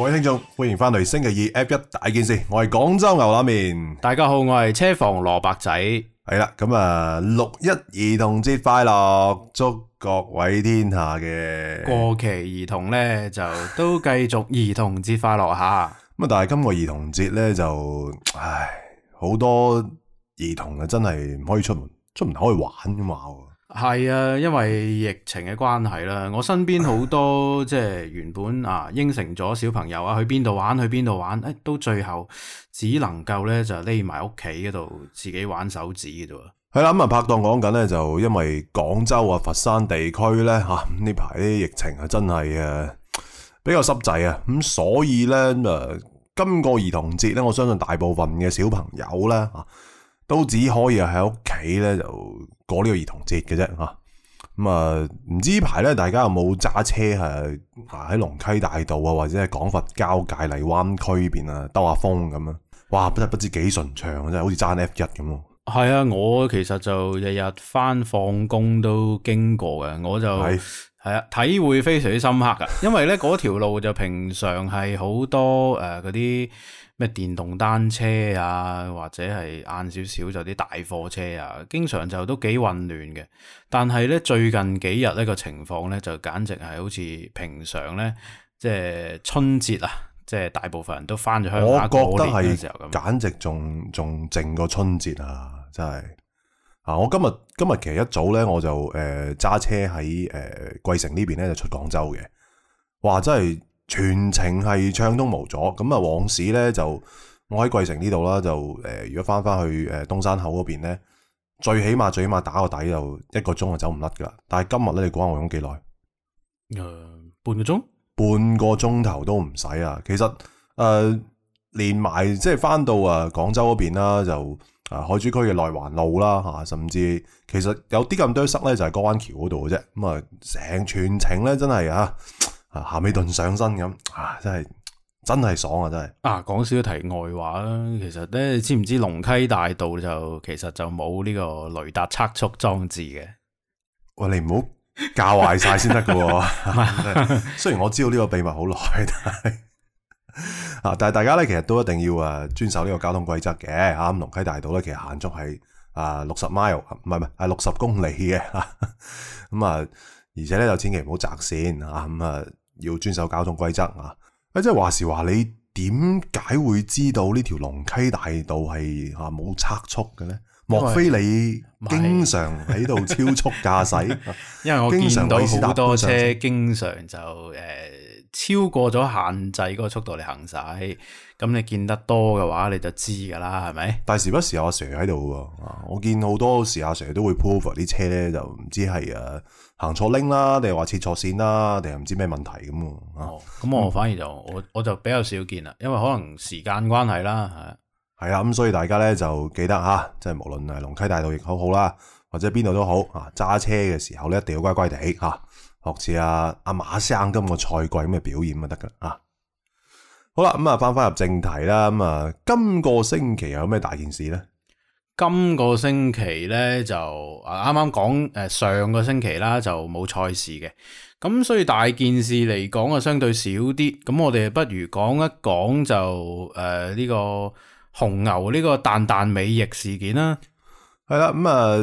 各位聽眾，歡迎翻嚟星期二 F1 大件事，我係廣州牛腩麵。大家好，我係車房蘿蔔仔。係啦，咁、嗯、啊六一兒童節快樂，祝各位天下嘅過期兒童咧就都繼續兒童節快樂下。咁啊，但係今個兒童節咧就唉好多兒童啊，真係唔可以出門，出門可以玩噶嘛。係啊，因為疫情嘅關係啦，我身邊好多即係原本啊應承咗小朋友啊去邊度玩，去邊度玩，誒，到最後只能夠咧就匿埋屋企嗰度自己玩手指嘅啫。係啦，咁、嗯、啊拍檔講緊咧，就因為廣州啊、佛山地區咧吓呢排啲、啊、疫情啊，真係誒比較濕滯啊，咁所以咧咁、呃、今個兒童節咧，我相信大部分嘅小朋友咧吓。都只可以喺屋企咧就過呢個兒童節嘅啫嚇，咁啊唔知呢排咧大家有冇揸車係行喺龍溪大道啊，或者係廣佛交界荔灣區呢邊啊兜下風咁啊？哇！不得不知幾順暢真係好似揸 F1 咁喎。係啊，我其實就日日返放工都經過嘅，我就係是啊，體會非常之深刻嘅，因為咧嗰 條路就平常係好多誒嗰啲。呃咩電動單車啊，或者係晏少少就啲大貨車啊，經常就都幾混亂嘅。但係咧，最近幾日呢個情況咧，就簡直係好似平常咧，即係春節啊，即係大部分人都翻咗香港過年嘅時候咁，簡直仲仲靜過春節啊！真係啊！我今日今日其實一早咧，我就誒揸車喺誒桂城邊呢邊咧就出廣州嘅，哇！真係～全程係暢通無阻，咁啊，往時呢，就我喺桂城呢度啦，就、呃、誒，如果翻翻去誒東山口嗰邊咧，最起碼最起碼打個底就一個鐘就走唔甩噶啦。但係今日呢，你估下我用幾耐？誒、呃，半個鐘。半個鐘頭都唔使啊！其實誒、呃，連埋即係翻到啊廣州嗰邊啦，就啊、呃、海珠區嘅內環路啦嚇、啊，甚至其實有啲咁多塞呢，就係江灣橋嗰度嘅啫。咁、嗯、啊，成全程呢，真係嚇～啊，咸美頓上身咁啊，真係真係爽啊，真係！啊，講少啲題外話啦，其實咧，你知唔知龍溪大道就其實就冇呢個雷達測速裝置嘅？喂，你唔好教壞晒先得噶！雖然我知道呢個秘密好耐，但係啊，但係大家咧，其實都一定要啊遵守呢個交通規則嘅。啊，咁龍溪大道咧，其實限速係啊六十 mile，唔係唔係，係六十公里嘅。咁啊，啊，而且咧就千祈唔好窄線啊，咁啊。啊要遵守交通規則啊！即係話時話你點解會知道呢條龍溪大道係嚇冇測速嘅呢？因為 莫非你經常喺度超速駕駛？ 因為我見到好多車經常就誒。超過咗限制嗰個速度嚟行駛，咁你見得多嘅話，你就知噶啦，係咪？但係時不時有阿 sir 喺度喎，我見好多時阿 sir 都會 pull 啲車咧，就唔知係誒行錯拎啦，定係話切錯線啦，定係唔知咩問題咁啊。咁、哦、我反而就、嗯、我我就比較少見啦，因為可能時間關係啦，係。係啊，咁所以大家咧就記得吓、啊，即係無論係龍溪大道亦好好啦，或者邊度都好啊，揸車嘅時候咧，一定要乖乖地吓。啊學似阿阿馬生今個賽季咁嘅表演就啊得噶啦吓。好啦咁啊翻翻入正題啦咁啊，今個星期有咩大件事咧？今個星期咧就啊啱啱講誒上個星期啦就冇賽事嘅，咁所以大件事嚟講啊相對少啲，咁我哋不如講一講就誒呢、呃這個紅牛呢個彈彈尾翼事件啦，係啦咁啊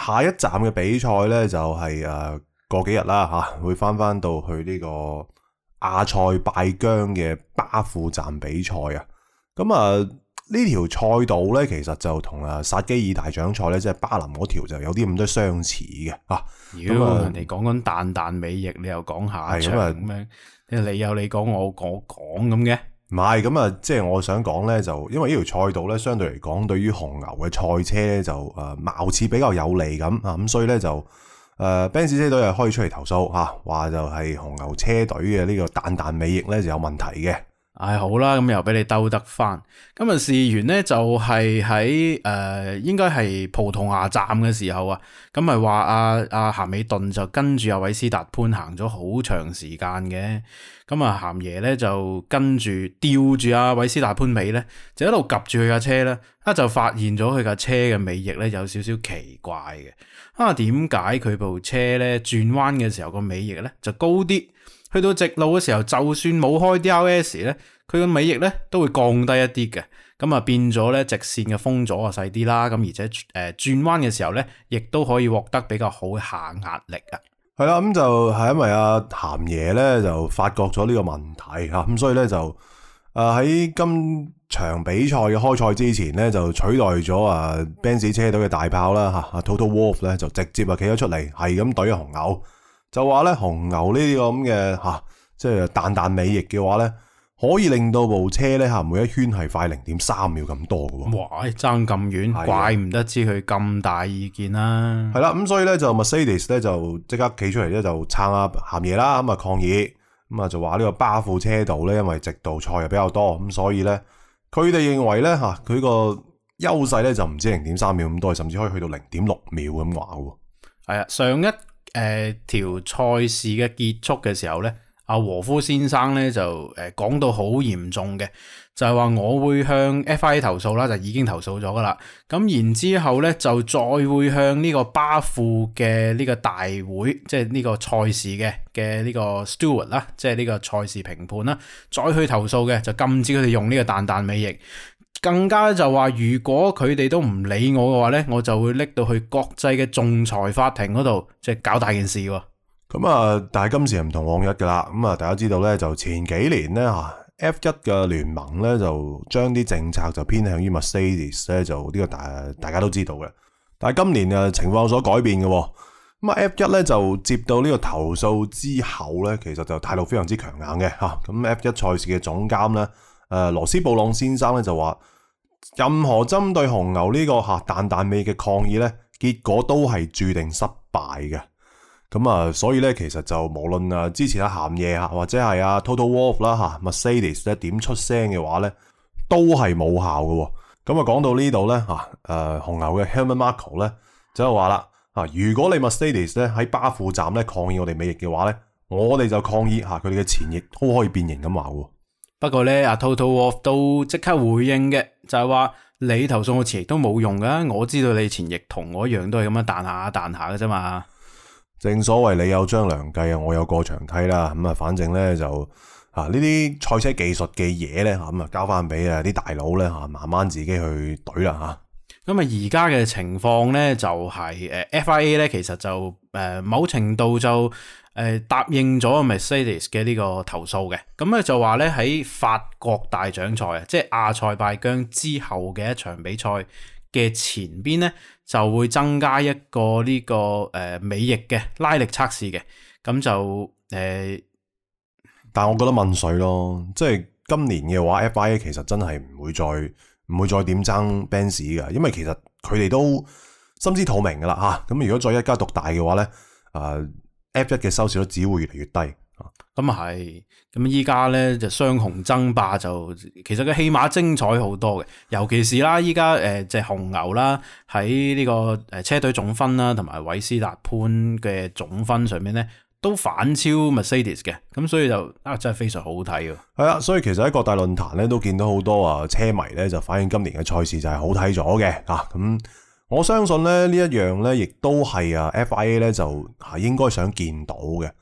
下一站嘅比賽咧就係、是、誒。呃過幾日啦吓、啊，會翻翻到去呢個亞塞拜疆嘅巴庫站比賽啊。咁、這、啊、個、呢條賽道咧，其實就同啊薩基爾大獎賽咧，mm hmm、即係巴林嗰條就有啲咁多相似嘅啊。咁啊，如果人哋講緊彈彈尾翼，你又講下場咁樣、嗯啊，你有你講，我我講咁嘅。唔係，咁啊，即、就、係、是、我想講咧，就因為呢條賽道咧，相對嚟講，對於紅牛嘅賽車咧，就誒貌似比較有利咁啊，咁所以咧就。誒，奔馳、uh, 車隊又開出嚟投訴吓，話、啊、就係紅牛車隊嘅呢個彈彈尾翼咧就有問題嘅。唉、哎，好啦，咁又俾你兜得翻。咁啊，事緣咧就係喺誒，應該係葡萄牙站嘅時候啊。咁咪話阿阿咸美頓就跟住阿韋斯達潘行咗好長時間嘅。咁啊，咸爺咧就跟住吊住阿韋斯達潘尾咧，就一路夾住佢架車咧。啊，就發現咗佢架車嘅尾翼咧有少少奇怪嘅。啊，點解佢部車咧轉彎嘅時候個尾翼咧就高啲？去到直路嘅時候，就算冇開 DRS 咧，佢個尾翼咧都會降低一啲嘅，咁啊變咗咧直線嘅風阻啊細啲啦，咁而且誒轉彎嘅時候咧，亦都可以獲得比較好嘅下壓力、嗯就是、啊。係啦，咁就係因為阿咸爺咧就發覺咗呢個問題吓，咁、啊、所以咧就誒喺、啊、今場比賽嘅開賽之前咧就取代咗啊 Benz 車隊嘅大炮啦吓，啊 Toto Wolf 咧就直接啊企咗出嚟，係咁懟紅牛。就話咧紅牛呢啲咁嘅吓，即係彈彈尾翼嘅話咧，可以令到部車咧吓，每一圈係快零點三秒咁多嘅、啊。哇！爭咁遠，的怪唔得知佢咁大意見啦、啊。係啦，咁所以咧就 Mercedes 咧就即刻企出嚟咧就撐阿咸爺啦，咁、嗯、啊抗議，咁、嗯、啊就話呢個巴庫車道咧，因為直道賽又比較多，咁所以咧佢哋認為咧吓，佢、啊、個優勢咧就唔止零點三秒咁多，甚至可以去到零點六秒咁話嘅。係啊，上一。誒，條賽、欸、事嘅結束嘅時候咧，阿和夫先生咧就誒講到好嚴重嘅，就係話我會向 FIA 投訴啦，就已經投訴咗噶啦。咁然之後咧就再會向呢個巴庫嘅呢個大會，即係呢個賽事嘅嘅呢個 steward 啦，即係呢個賽事評判啦，再去投訴嘅就禁止佢哋用呢個彈性尾翼。更加就話，如果佢哋都唔理我嘅話呢我就會拎到去國際嘅仲裁法庭嗰度，即係搞大件事。咁啊、嗯，但係今時唔同往日噶啦，咁啊，大家知道呢，就前幾年呢，咧，F 一嘅聯盟呢，就將啲政策就偏向於 Mercedes 咧，就呢個大大家都知道嘅。但係今年啊，情況有所改變嘅，咁啊，F 一呢，就接到呢個投訴之後呢，其實就態度非常之強硬嘅。吓、啊，咁 F 一賽事嘅總監呢。誒、呃、羅斯布朗先生咧就話，任何針對紅牛呢、這個嚇、啊、彈彈尾嘅抗議咧，結果都係注定失敗嘅。咁啊，所以咧其實就無論啊之前阿鹹嘢嚇，或者係阿 Toto Wolff 啦、啊、嚇、啊、，Mercedes 咧點出聲嘅話咧，都係冇效嘅、哦。咁啊講到呢度咧嚇，誒、啊、紅牛嘅 Helmut Marko 咧就話啦，啊如果你 Mercedes 咧喺巴庫站咧抗議我哋尾翼嘅話咧，我哋就抗議嚇佢哋嘅前翼都可以變形咁話不過咧，阿 Toto Wolff 都即刻回應嘅，就係、是、話你投訴我前翼都冇用噶，我知道你前翼同我一樣都係咁樣彈下彈下嘅啫嘛。正所謂你有張良計啊，我有過牆梯啦。咁啊，反正咧就啊呢啲賽車技術嘅嘢咧，咁啊交翻俾啊啲大佬咧吓，慢慢自己去懟啦吓。咁啊，而家嘅情況咧就係、是、誒 FIA 咧，其實就誒、啊、某程度就。誒，答應咗 Mercedes 嘅呢個投訴嘅，咁咧就話咧喺法國大獎賽啊，即係亞塞拜疆之後嘅一場比賽嘅前邊咧，就會增加一個呢、這個誒尾翼嘅拉力測試嘅，咁就誒，呃、但係我覺得問水咯，即係今年嘅話 FIA 其實真係唔會再唔會再點爭 Benz 噶，因為其實佢哋都心知肚明噶啦吓，咁、啊、如果再一家獨大嘅話咧，誒、呃。F1 嘅收視率只會越嚟越低，咁啊係，咁依家咧就雙雄爭霸就其實佢起碼精彩好多嘅，尤其是啦依家誒即紅牛啦喺呢個誒車隊總分啦同埋韋斯達潘嘅總分上面咧都反超 Mercedes 嘅，咁所以就啊真係非常好睇嘅，係啊，所以其實喺各大論壇咧都見到好多啊，車迷咧就反映今年嘅賽事就係好睇咗嘅，啊咁。我相信咧呢一樣咧，亦都係啊 FIA 咧就吓應該想見到嘅。咁、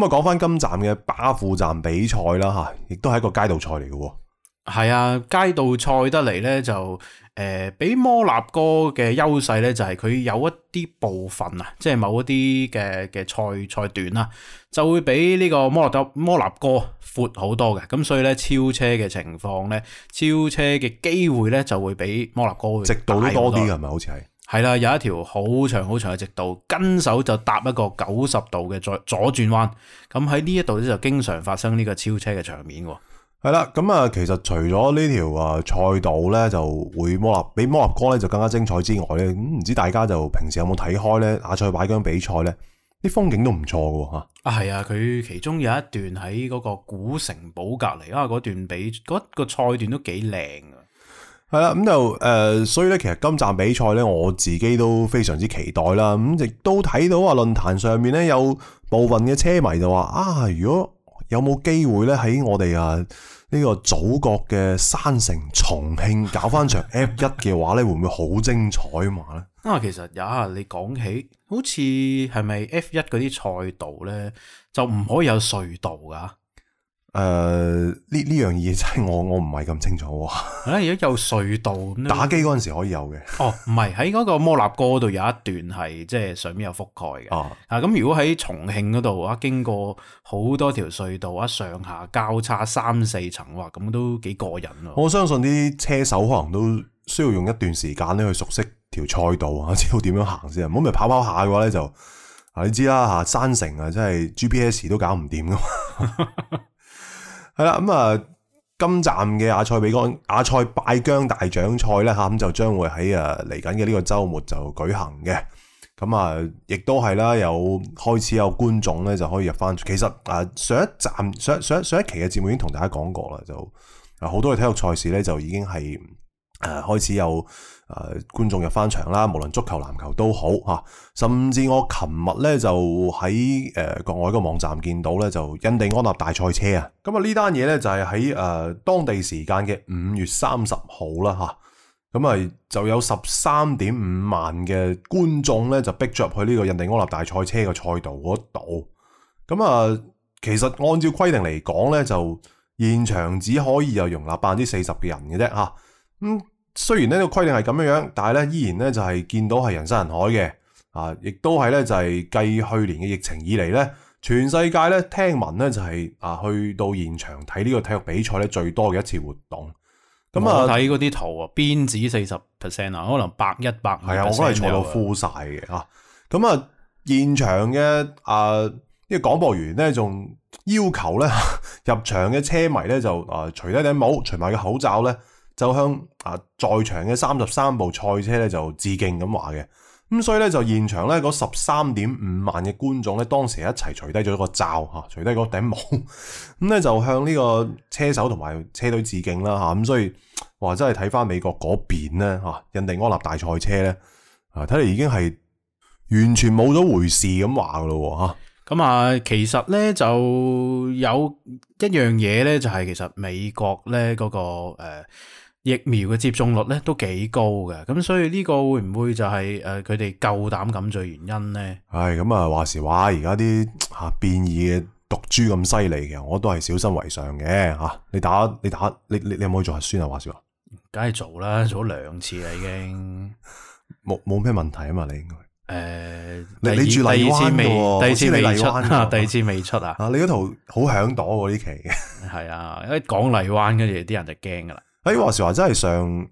嗯、啊，講翻今站嘅巴富站比賽啦吓，亦都係一個街道賽嚟嘅，哦。係啊，街道賽得嚟咧就誒、呃，比摩納哥嘅優勢咧就係、是、佢有一啲部分啊，即係某一啲嘅嘅賽賽段啦，就會比呢個摩納哥多摩納哥闊好多嘅。咁所以咧超車嘅情況咧，超車嘅機會咧就會比摩納哥直道都多啲嘅，係咪好似係？是係啦，有一條好長好長嘅直道，跟手就搭一個九十度嘅左左轉彎。咁喺呢一度咧就經常發生呢個超車嘅場面喎。係啦，咁、嗯、啊，其實除咗呢條啊賽道咧，就會摩納比摩納哥咧就更加精彩之外咧，唔、嗯、知大家就平時有冇睇開咧亞塞拜疆比賽咧？啲風景都唔錯嘅嚇。嗯、啊，係啊，佢其中有一段喺嗰個古城堡隔籬，啊，嗰段比嗰、嗰個賽段都幾靚啊。係啦，咁就誒，所以咧，其實今站比賽咧，我自己都非常之期待啦。咁亦都睇到啊，論壇上面咧，有部分嘅車迷就話啊，如果有冇機會咧，喺我哋啊呢個祖國嘅山城重慶搞翻場 F 一嘅話咧， 會唔會好精彩啊嘛咧？啊，其實有啊，你講起好似係咪 F 一嗰啲賽道咧，就唔可以有隧道噶？誒，呢呢樣嘢真係我我唔係咁清楚。咁而家有隧道，打機嗰陣時可以有嘅。哦，唔係喺嗰個摩納哥嗰度有一段係即係上面有覆蓋嘅。哦、啊，啊咁如果喺重慶嗰度啊，經過好多條隧道啊，上下交叉三四層哇，咁都幾過癮咯。我相信啲車手可能都需要用一段時間咧去熟悉條賽道啊，知道點樣行先。唔好咪跑跑下嘅話咧就啊，你知啦吓、啊，山城即啊，真係 G P S 都搞唔掂噶係啦，咁啊、嗯，今站嘅阿塞比干阿塞拜疆大獎賽咧吓，咁就將會喺誒嚟緊嘅呢個周末就舉行嘅，咁、嗯、啊，亦都係啦，有開始有觀眾咧就可以入翻。其實啊，上一站上上上一期嘅節目已經同大家講過啦，就啊好多嘅體育賽事咧就已經係。誒開始有誒觀眾入翻場啦，無論足球、籃球都好嚇，甚至我琴日咧就喺誒國外嘅網站見到咧，就印第安納大賽車、嗯、啊，咁啊呢單嘢咧就係喺誒當地時間嘅五月三十號啦嚇，咁啊，啊就有十三點五萬嘅觀眾咧就逼咗入去呢個印第安納大賽車嘅賽道嗰度，咁、嗯、啊其實按照規定嚟講咧，就現場只可以有容納百分之四十嘅人嘅啫嚇，咁、啊。嗯雖然呢個規定係咁樣樣，但係咧依然咧就係見到係人山人海嘅，啊，亦都係咧就係繼去年嘅疫情以嚟咧，全世界咧聽聞咧就係啊去到現場睇呢個體育比賽咧最多嘅一次活動。咁啊，睇嗰啲圖啊，邊止四十 percent 啊，可能百一百係啊，我都係坐到呼晒嘅啊。咁啊，現場嘅啊呢個廣播員咧仲要求咧 入場嘅車迷咧就啊除低頂帽，除埋個口罩咧就向，啊！在場嘅三十三部賽車咧，就致敬咁話嘅，咁所以咧就現場咧嗰十三點五萬嘅觀眾咧，當時一齊除低咗個罩吓、啊，除低嗰頂帽，咁、啊、咧、嗯、就向呢個車手同埋車隊致敬啦吓，咁、啊嗯、所以哇，真係睇翻美國嗰邊咧吓，印第安納大賽車咧啊，睇嚟、啊、已經係完全冇咗回事咁話噶咯吓。咁啊、嗯、啊，其實咧就有一樣嘢咧，就係、是、其實美國咧嗰、那個誒。呃疫苗嘅接種率咧都幾高嘅，咁所以呢個會唔會就係誒佢哋夠膽咁做原因咧？係咁啊，話時話而家啲吓變異嘅毒株咁犀利，嘅，我都係小心為上嘅吓。你打你打你打你你，你有冇去做核酸啊？話時話，梗係做啦，做咗兩次啦已經，冇冇咩問題啊嘛？欸、你應該誒，你你第二次未？第二次未出啊？第二次未出啊？啊，你嗰套好響朵喎呢期嘅，係 啊，因為講荔灣，跟住啲人就驚噶啦。誒，話時話真係上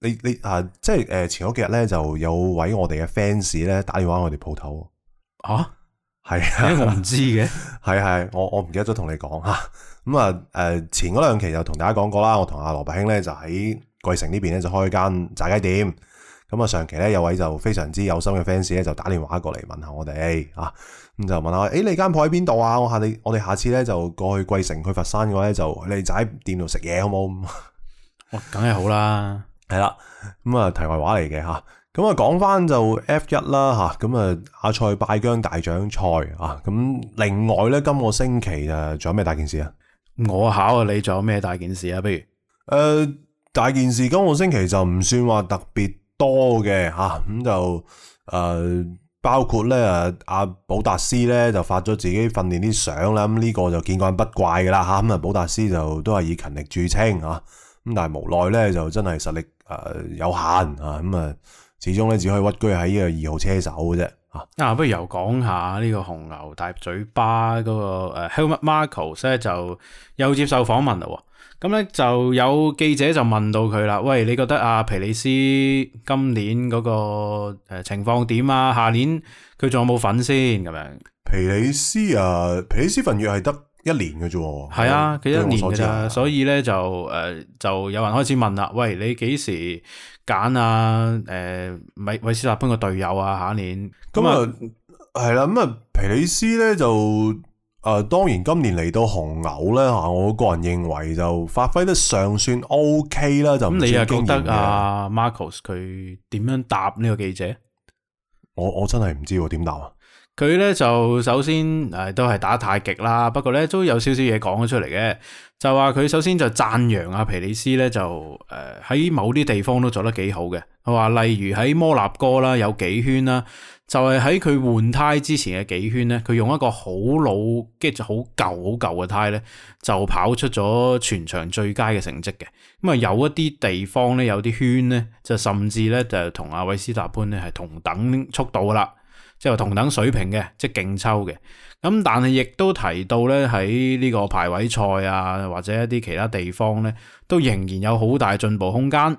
你你誒、啊，即係誒，前嗰幾日咧就有位我哋嘅 fans 咧打電話我哋鋪頭，吓係啊，我唔知嘅，係係我我唔記得咗同你講吓咁啊誒、啊，前嗰兩期就同大家講過啦。我同阿羅伯興咧就喺桂城呢邊咧就開間炸雞店咁啊。上期咧有位就非常之有心嘅 fans 咧就打電話過嚟問下我哋啊，咁就問下，誒、欸，你間鋪喺邊度啊？我下你我哋下次咧就過去桂城去佛山嘅話咧就你仔喺店度食嘢好冇？梗係、哦、好啦，係啦，咁啊，題外話嚟嘅吓，咁啊，講翻就 F 一啦吓，咁啊，阿賽拜姜大獎賽啊，咁、啊、另外咧，今個星期啊，仲有咩大件事啊？我考下你，仲有咩大件事啊？不如，誒、呃，大件事今個星期就唔算話特別多嘅吓，咁、啊嗯、就誒、呃，包括咧誒，阿保達斯咧就發咗自己訓練啲相啦，咁、啊、呢、嗯這個就見怪不怪噶啦吓，咁啊，保達斯就都係以勤力著稱啊。咁但係無奈咧，就真係實力誒、呃、有限啊！咁啊，始終咧只可以屈居喺呢個二號車手嘅啫啊！啊，不如又講下呢個紅牛大嘴巴嗰、那個誒、啊、Helmut Marko、啊、咧就又接受訪問啦。咁、啊、咧就有記者就問到佢啦，喂，你覺得阿、啊、皮里斯今年嗰個誒情況點啊？下年佢仲有冇份先？咁樣？皮里斯啊，皮里斯份月係得。一年嘅啫，係啊，佢一年咋、啊。所以咧就誒、呃、就有人開始問啦，喂，你幾時揀啊？誒、呃，韋韋斯達潘嘅隊友啊，下一年咁啊係啦，咁啊皮里斯咧就誒、呃，當然今年嚟到紅牛咧吓，我個人認為就發揮得尚算 OK 啦，就咁、嗯、你又記得啊 Marcos 佢點樣答呢個記者？我我真係唔知點答啊！佢咧就首先誒、啊、都係打太極啦，不過咧都有少少嘢講咗出嚟嘅，就話佢首先就讚揚阿皮里斯咧就誒喺、呃、某啲地方都做得幾好嘅，佢話例如喺摩納哥啦有幾圈啦，就係喺佢換胎之前嘅幾圈咧，佢用一個好老跟住就好舊好舊嘅胎咧就跑出咗全場最佳嘅成績嘅，咁啊有一啲地方咧有啲圈咧就甚至咧就同阿韋斯達潘咧係同等速度噶啦。即係同等水平嘅，即係勁抽嘅咁、嗯，但係亦都提到咧喺呢個排位賽啊，或者一啲其他地方咧，都仍然有好大進步空間。咁、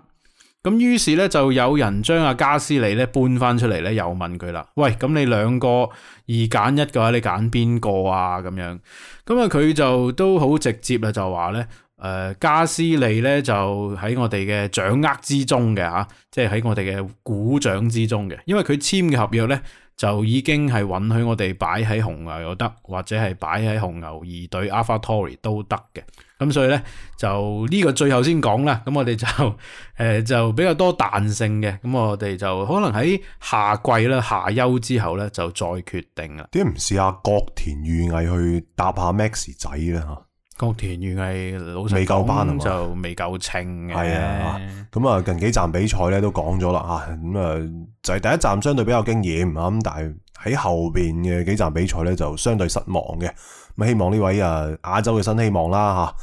嗯、於是咧就有人將阿、啊、加斯利咧搬返出嚟咧，又問佢啦，喂，咁你兩個二揀一嘅話，你揀邊個啊？咁樣咁啊，佢、嗯、就都好直接啦，就話咧誒，加斯利咧就喺我哋嘅掌握之中嘅嚇、啊，即係喺我哋嘅股掌之中嘅，因為佢簽嘅合約咧。就已經係允許我哋擺喺紅牛又得，或者係擺喺紅牛二隊 AlphaTauri 都得嘅。咁所以咧，就呢個最後先講啦。咁我哋就誒、呃、就比較多彈性嘅。咁我哋就可能喺夏季啦、夏休之後咧就再決定啦。點唔試下角田裕毅去搭下 Max 仔啦吓？角田裕毅係老實講未夠班就未夠秤嘅，係啊，咁啊近幾站比賽咧都講咗啦吓，咁啊、嗯、就係、是、第一站相對比較驚艷啊，咁但係喺後邊嘅幾站比賽咧就相對失望嘅，咁、啊、希望呢位啊亞洲嘅新希望啦吓、啊，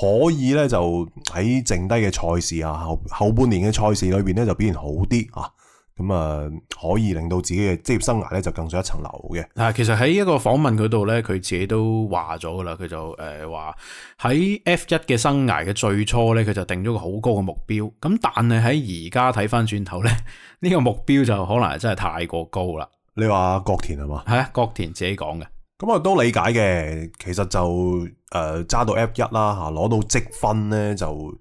可以咧就喺剩低嘅賽事啊後後半年嘅賽事裏邊咧就表現好啲啊。咁啊、嗯，可以令到自己嘅職業生涯咧就更上一層樓嘅。嗱，其實喺一個訪問嗰度咧，佢自己都話咗噶啦，佢就誒話喺 F 一嘅生涯嘅最初咧，佢就定咗個好高嘅目標。咁但係喺而家睇翻轉頭咧，呢、這個目標就可能係真係太過高啦。你話角田係嘛？吓、啊，角田自己講嘅。咁啊、嗯，都理解嘅。其實就誒揸、呃、到 F 一啦，吓攞到積分咧，就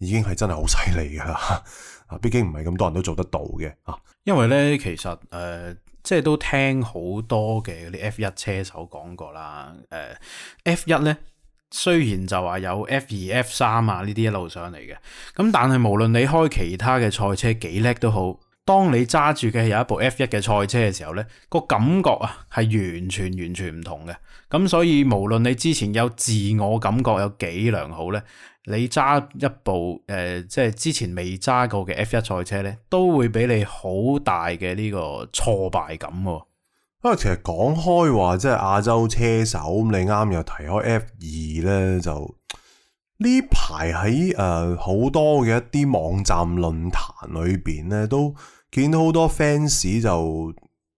已經係真係好犀利噶啦。啊，畢竟唔係咁多人都做得到嘅嚇，啊、因為咧其實誒、呃，即係都聽好多嘅啲 F 一車手講過啦。誒、呃、F 一咧雖然就話有 F 二、啊、F 三啊呢啲一路上嚟嘅，咁但係無論你開其他嘅賽車幾叻都好，當你揸住嘅係有一部 F 一嘅賽車嘅時候咧，個感覺啊係完全完全唔同嘅。咁所以無論你之前有自我感覺有幾良好咧。你揸一部誒、呃，即係之前未揸過嘅 F 一賽車咧，都會俾你好大嘅呢個挫敗感喎、哦啊。其實講開話，即係亞洲車手，你啱又提開 F 二呢，就呢排喺誒好多嘅一啲網站論壇裏邊咧，都見到好多 fans 就。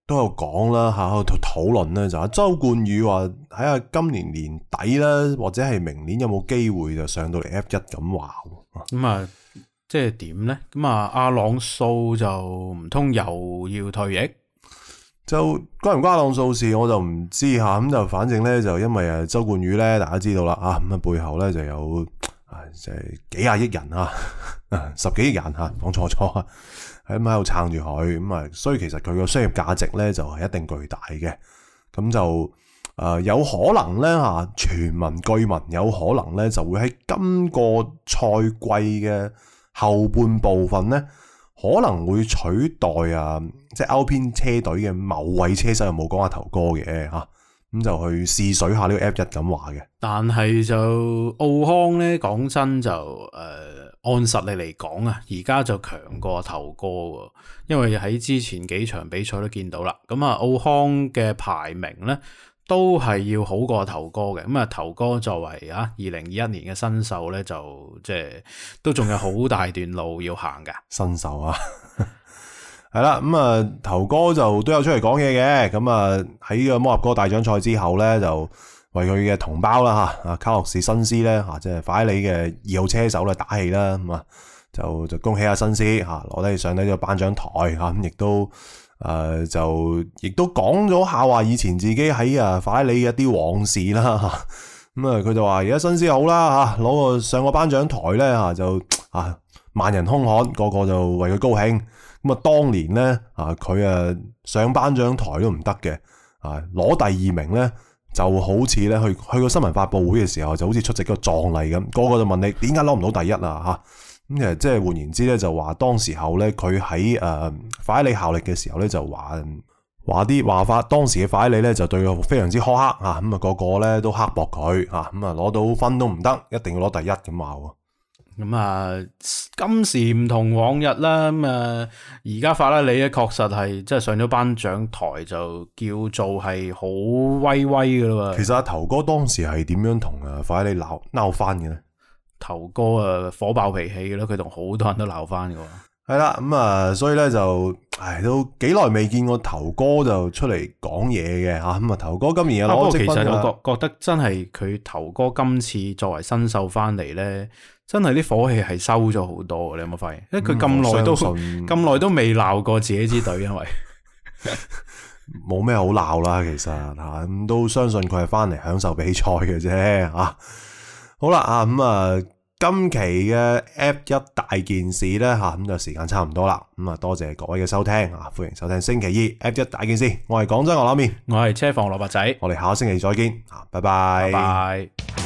都有講啦吓，討論咧就周冠宇話睇下今年年底咧，或者係明年有冇機會就上到 F1 咁話。咁啊、嗯，即係點咧？咁、嗯、啊，阿朗素就唔通又要退役？就關唔關阿朗素事？我就唔知吓。咁、啊、就反正咧，就因為誒周冠宇咧，大家知道啦啊。咁啊背後咧就有。啊，即係幾廿億人啊，十幾億人啊，講錯咗，喺喺度撐住佢，咁啊，所以其實佢個商業價值咧就係、是、一定巨大嘅，咁就誒、呃、有可能咧吓、啊、全民居民有可能咧就會喺今個賽季嘅後半部分咧可能會取代啊，即係歐篇車隊嘅某位車手，有冇講下頭哥嘅吓？啊咁就去試水下呢個 F1 咁話嘅，但係就奧康咧講真就誒、呃，按實力嚟講啊，而家就強過頭哥喎，因為喺之前幾場比賽都見到啦，咁啊奧康嘅排名咧都係要好過頭哥嘅，咁啊頭哥作為啊二零二一年嘅新秀咧，就即係都仲有好大段路要行噶， 新秀啊。 係啦，咁啊、嗯，頭哥就都有出嚟講嘢嘅，咁啊喺個摩納哥大獎賽之後咧，就為佢嘅同胞啦吓，啊卡洛士新師咧吓，即係法拉利嘅二號車手啦，打氣啦，咁、嗯、啊就就恭喜下新師吓，攞、啊、得上呢起個頒獎台吓，咁、啊、亦都誒、啊、就亦都講咗下話以前自己喺啊法拉利嘅一啲往事啦，咁啊佢、啊嗯、就話而家新師好啦吓，攞、啊、個上個頒獎台咧吓、啊、就。啊！萬人空巷，個個就為佢高興。咁啊，當年咧啊，佢啊上頒獎台都唔得嘅。啊，攞第二名咧就好似咧去去個新聞發佈會嘅時候，就好似出席嗰個葬禮咁。個個就問你點解攞唔到第一啊？吓咁其即係換言之咧，就話當時候咧佢喺誒法拉利效力嘅時候咧，就話話啲話法。當時嘅法拉利咧就對佢非常之苛刻啊。咁啊，個個咧都刻薄佢啊。咁啊，攞到分都唔得，一定要攞第一咁話。咁啊、嗯，今時唔同往日啦，咁、嗯、啊，而家法拉利咧確實係即係上咗頒獎台就叫做係好威威噶啦。其實阿頭哥當時係點樣同啊法拉利鬧鬧翻嘅咧？呢頭哥啊，火爆脾氣嘅，啦，佢同好多人都鬧翻噶。係啦，咁啊、嗯，所以咧，就，唉，都幾耐未見過頭哥就出嚟講嘢嘅吓。咁啊，頭哥今年有攞咗積分，其實我覺覺得真係佢頭哥今次作為新秀翻嚟咧，真係啲火氣係收咗好多，你有冇發現？因為佢咁耐都咁耐、嗯、都未鬧過自己支隊，因為冇咩 好鬧啦，其實吓，咁、啊、都相信佢係翻嚟享受比賽嘅啫。啊，好啦，啊，咁、嗯、啊。今期嘅 F1 大件事咧嚇，咁就時間差唔多啦。咁啊，多謝各位嘅收聽啊，歡迎收聽星期二 F1 大件事。我係廣州牛腩麵，我係車房蘿蔔仔，我哋下個星期二再見嚇，拜拜。